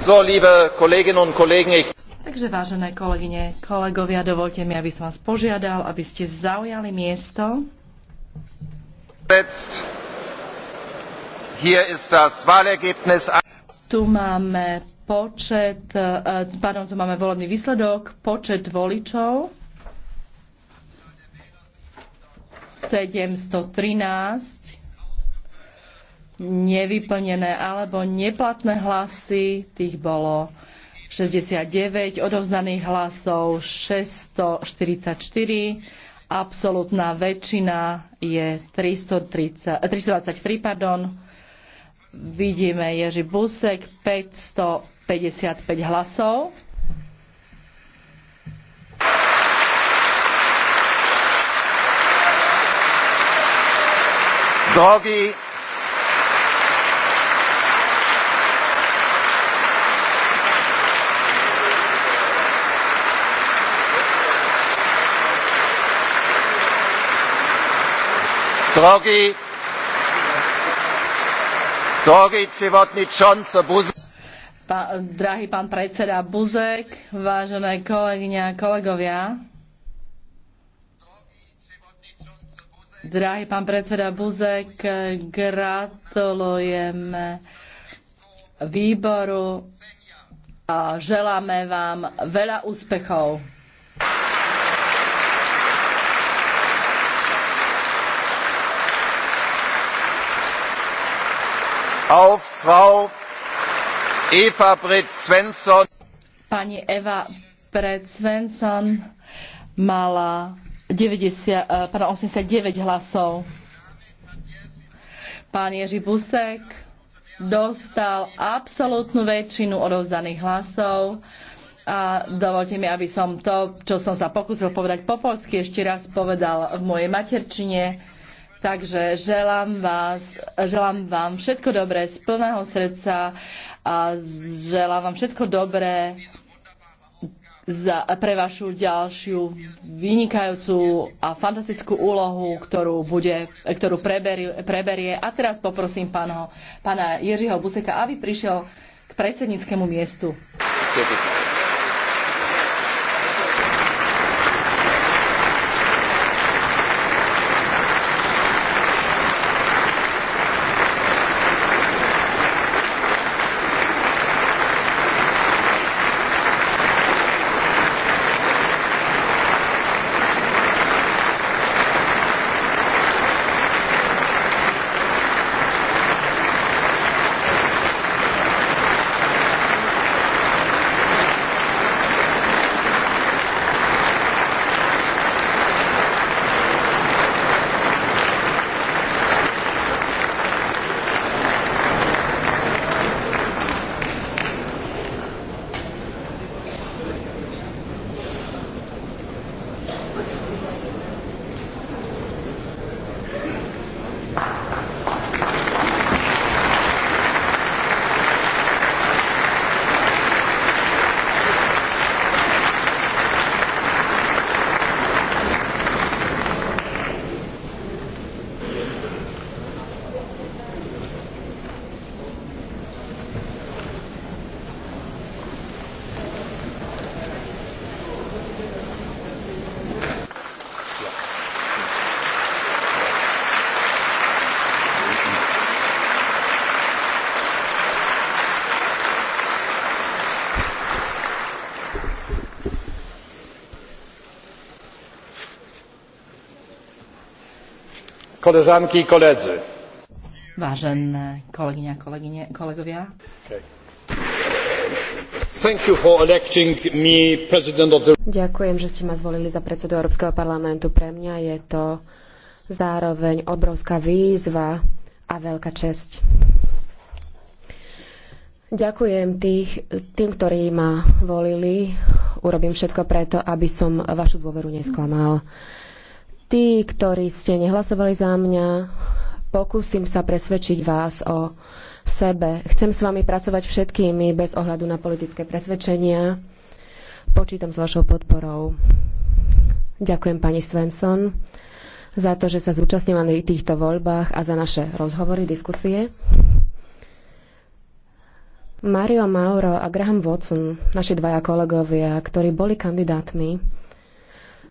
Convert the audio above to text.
So, liebe Kolleginnen und Kollegen, ich... Takže vážené kolegyne, kolegovia, dovolte mi, aby som vás požiadal, aby ste zaujali miesto. Hier ist das Wahlergebnis. Tu máme počet, eh, pardon, tu máme volebný výsledok, počet voličov. 713 nevyplnené alebo neplatné hlasy, tých bolo 69, odovzdaných hlasov 644, absolútna väčšina je 330, 323, pardon. vidíme Ježi Busek 555 hlasov. Drogi Drogi, drogi Pa, drahý pán predseda Buzek, vážené kolegyne a kolegovia, Drahý pán predseda Buzek, gratulujeme výboru a želáme vám veľa úspechov. auf Frau Eva Svensson. Pani Eva Britt Svensson mala 90, eh, pardon, 89 hlasov. Pán Ježi Busek dostal absolútnu väčšinu odovzdaných hlasov a dovolte mi, aby som to, čo som sa pokúsil povedať po polsky, ešte raz povedal v mojej materčine. Takže želám, vás, želám vám všetko dobré z plného srdca a želám vám všetko dobré za, pre vašu ďalšiu vynikajúcu a fantastickú úlohu, ktorú, bude, ktorú preberie, preberie. A teraz poprosím pánho, pána Jiřího Buseka, aby prišiel k predsedníckému miestu. Ďakujem. koleżanki i koledzy. Vážené kolegnia, kolegyne, kolegovia. Thank you for electing me president of the... Ďakujem, že ste ma zvolili za predsedu Európskeho parlamentu. Pre mňa je to zároveň obrovská výzva a veľká česť. Ďakujem tých, tým, ktorí ma volili. Urobím všetko preto, aby som vašu dôveru nesklamal. Mm. Tí, ktorí ste nehlasovali za mňa, pokúsim sa presvedčiť vás o sebe. Chcem s vami pracovať všetkými bez ohľadu na politické presvedčenia. Počítam s vašou podporou. Ďakujem pani Svensson za to, že sa zúčastnila na týchto voľbách a za naše rozhovory, diskusie. Mario Mauro a Graham Watson, naši dvaja kolegovia, ktorí boli kandidátmi